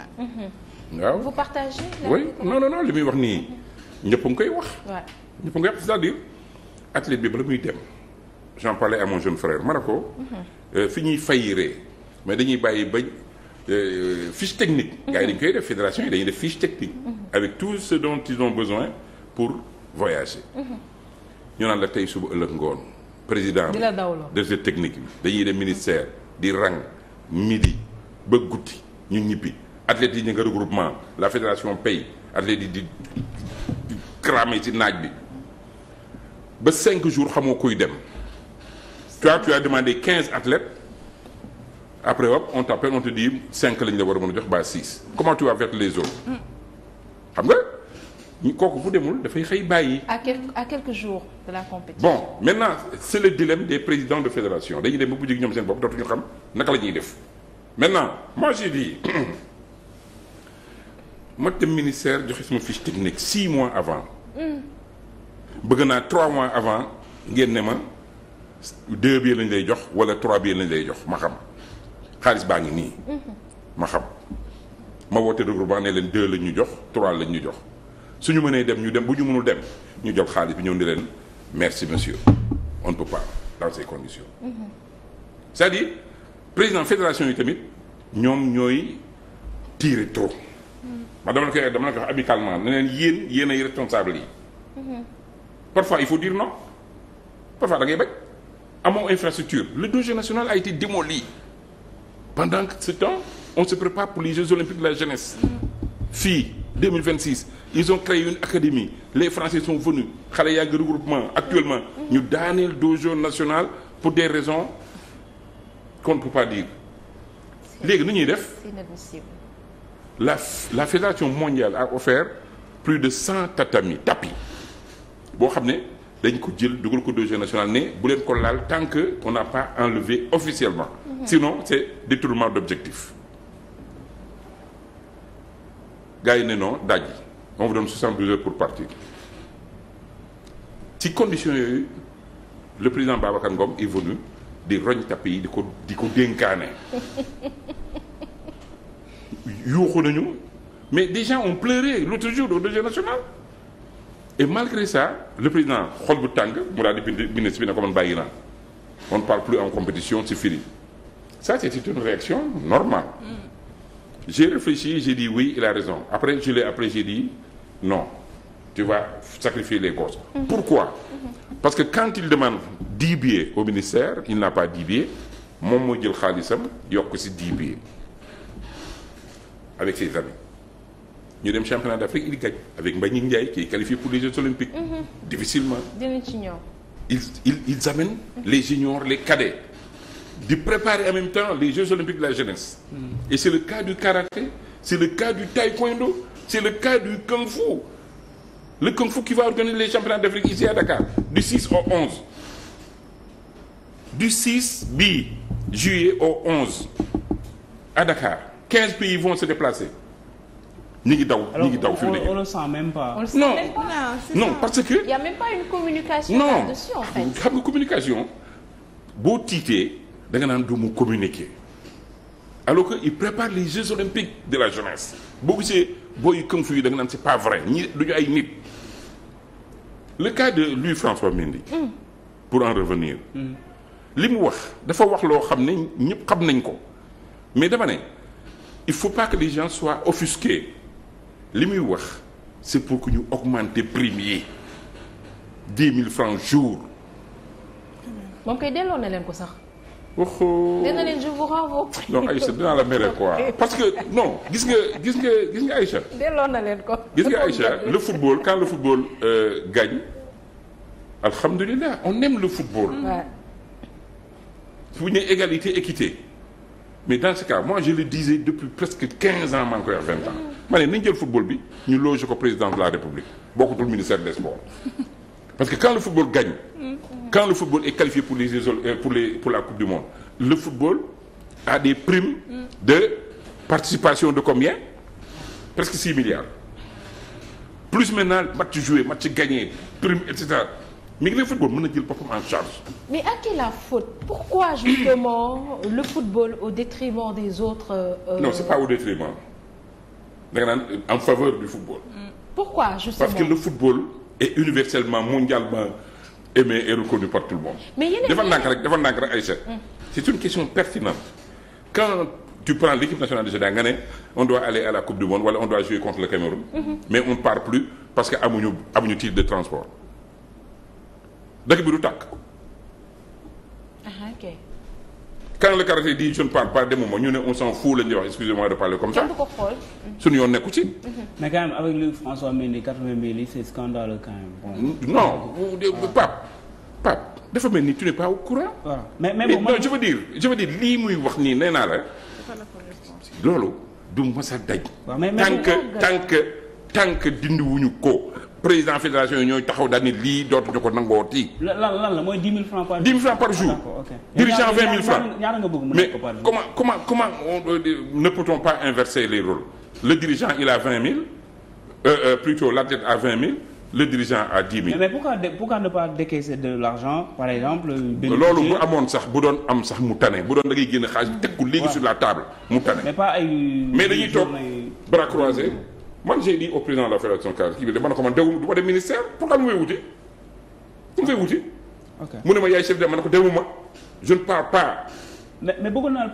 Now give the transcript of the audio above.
là. Mm-hmm. waaw vous partagez. oui non non li muy wax nii ñëpp ngi koy wax. waaw ñëpp ngi koy wax c'est-à-dire athlète bi bala muy dem j'en parlais à mon jeune frère ma ne ko. Mm-hmm. Euh, fi ñuy fayiree mais dañuy bàyyi bañ euh, fiche technique. Mm-hmm. gars yi dañu koy def fédération yi dañuy def fiche technique. avec tout ce dont ils ont besoin pour voyager. ñu naan la tey suba ëllëg ngoon. président de cette technique bi dañuy dem ministère di rang midi ba guddi ñu ñibbi. athlètes yi ñu nga regroupement la fédération paye athlètes yi di cramé ci naaj bi ba cinq jours xamoo kuy dem toi tu as demandé quinze athlètes après hop on t'appelle on te dit cinq lañ la war a mën a jox baa six comment tu vas vers les autres xam nga ñu kooku bu demul dafay xëy bàyyi. à quelques à quelques jours de la compétition. bon maintenant c' est le dilemme des présidents de fédération dañuy dem ba bu jóg ñoom seen bopp dootuñu xam naka la ñuy def maintenant moi j'ai dit ma dem ministère joxe sama fiche technique six mois avant. bëgg naa trois mois avant ngeen ne ma deux bi lañ lay jox wala trois bi lañ lay jox ma xam xaalis baa ngi nii. ma xam ma woote regroupement ne leen deux lañ ñu jox trois lañ ñu jox ñu mënee dem ñu dem bu ñu mënul dem ñu jox xaalis bi ñoom ni leen merci monsieur on ne peut pas dans ces conditions. cest à président fédération yi tamit ñoom ñooy tirer trop. ma dama la koy dama la koy wax amicalement ne leen yéen yéen ay responsable yi. Mhm. parfois il faut dire non parfois da ngay bañ infrastructure le dojo national a été démoli pendant ce temps on se prépare pour les Jeux olympiques de la jeunesse. Mhm. fii 2026 ils ont créé une académie les Français sont venus xale yaa ngi regroupement actuellement. Mhm. ñu daaneel dojo national pour des raisons qu'on ne peut pas dire. léegi nu ñuy def. la la fédération mondiale a offert plus de cent tatami tapis boo xam ne dañ ko jël dugal ko dossier national ne bu leen ko laal tant que on n'a pas enlevé officiellement. Mhm. sinon c'est détournement d'objectif. gars yi ne non daaj on vous donne heures pour partir ci condition yooyu le président Babacar Ngom est venu di roñ tapis yi di ko di ko yuuxu nañu mais des gens ont pleuré l'autre jour au Deuxième national et malgré ça le président xol bu tàng mu daal di bind ministre bi ne on ne parle plus en compétition c'est fini ça c'était une réaction normale mm. j'ai réfléchi j'ai dit oui il a raison après je l'ai appelé j'ai dit non tu vas sacrifier les gosses mm-hmm. pourquoi mm-hmm. parce que quand il demande dix billets au ministère il n'a pas dix billets moom moo jël xaalisam yokk ci dix billets avec ses amis ñu dem championnat d'Afrique il gagne avec Mbagnick Ndiaye qui est qualifié pour les Jeux olympiques. Mmh. difficilement. dina ci les juniors les cadets di préparer en même temps les Jeux olympiques de la jeunesse. Mhm. et c'est le cas du karaté c'est le cas du taekwondo c'est le cas du kung-fu le kung-fu qui va organiser les championnats d'Afrique ici à Dakar du au 11 du 6 juillet au 11 Dakar. quinze pays vont se déplacer ñi ngi daw ñi ngi daw fi mu nekk. on non non parce que. y a même communication non xam nga boo tiitee danga naan du mu communiquer alors que il prépare les Jeux olympiques de la jeunesse boo gisee booy kung fu yi da nga naan c'est pas vrai ñi du ñu ay nit. le cas de Louis François Mendy. Mm. pour en revenir. Mm. li mu wax dafa wax loo xam ne ñëpp xam nañ ko mais dama il faut pas que les gens soient offusqués li muy wax c'est pour que ñu augmenter prime yi dix mille francs jour. moom kay delloo na leen ko sax. waxoo dina leen je vous renvoie. non Aïcha dinaa la mere quoi parce que non gis nga gis nga gis nga Aïcha. delloo na leen ko. gis nga Aïcha le football quand le football euh, gagne alhamdulilah on aime le football. waaw. Ouais. fu égalité équité. mais dans ce cas moi je le disais depuis presque 15 ans maa ngi koy ans ma ne nañ jël football bi ñu loge ko président de la république bokkutul ministère des sports parce que quand le football gagne quand le football est qualifié pour les euh, pour les pour la coupe du monde le football a des primes de participation de combien presque 6 milliards plus maintenant match joué match gagné prime et mais le football mën na jël boppam en charge. la faute pourquoi justement le football au détriment des autres. Euh, non c'est pas au détriment da en faveur du football. pourquoi justement parce que le football est universellement mondialement aimé et reconnu par tout le monde. mais yéen defal ndànk rek defal ndànk rek c'est une question pertinente quand. tu prends l'équipe nationale du Sénégal nga on doit aller à la coupe du monde wala on doit jouer contre le Cameroun. mais on part plus parce que amuñu amuñu titre de transport. dëkk bi du tàkk. ah ok. quand le karaté dit je ne parle pas ñu ne on s'en fout la wax excusez de parler comme ça. ko xool. yoon nekku ci. Mhm. mais quand même avec lui François Mendy 80 000 c'est scandaleux quand même. Bon. non euh, Pape Pape dafa mel ni tu n'es pas au courant. waaw mais mais bon, non je veux wax nii nee naa la. loolu du mës a daj. tant que tant que dindi ko président fédération yi ñooy taxaw daal ni lii dootuñu ko nangooti. lan lan la mooy dix mille francs par jour. dix mille francs par jour. Ah, dirigeant vingt mille francs. ñaar nga bëgg mais comment comment ne peut pas inverser les rôles le dirigeant il a vingt euh, euh, plutôt l'athlète à vingt mille. le dirigeant à dix mille. mais pourquoi pourquoi ne pas décaisser de l'argent par exemple. loolu bu amoon sax bu doon am sax mu tane bu doon da ngay génn xaalis teg ko léegi sur la table mu tane. mais pas ay. bras croisés. man j'ai dit au président de la fédération cadre kii bi dama ne ko man dewul du ma dem ministère pourquoi mu may wuti mu may wuti mu ne ma yaay chef de ma ne ko dewuma je ne pars pas mais mais bëggoon naa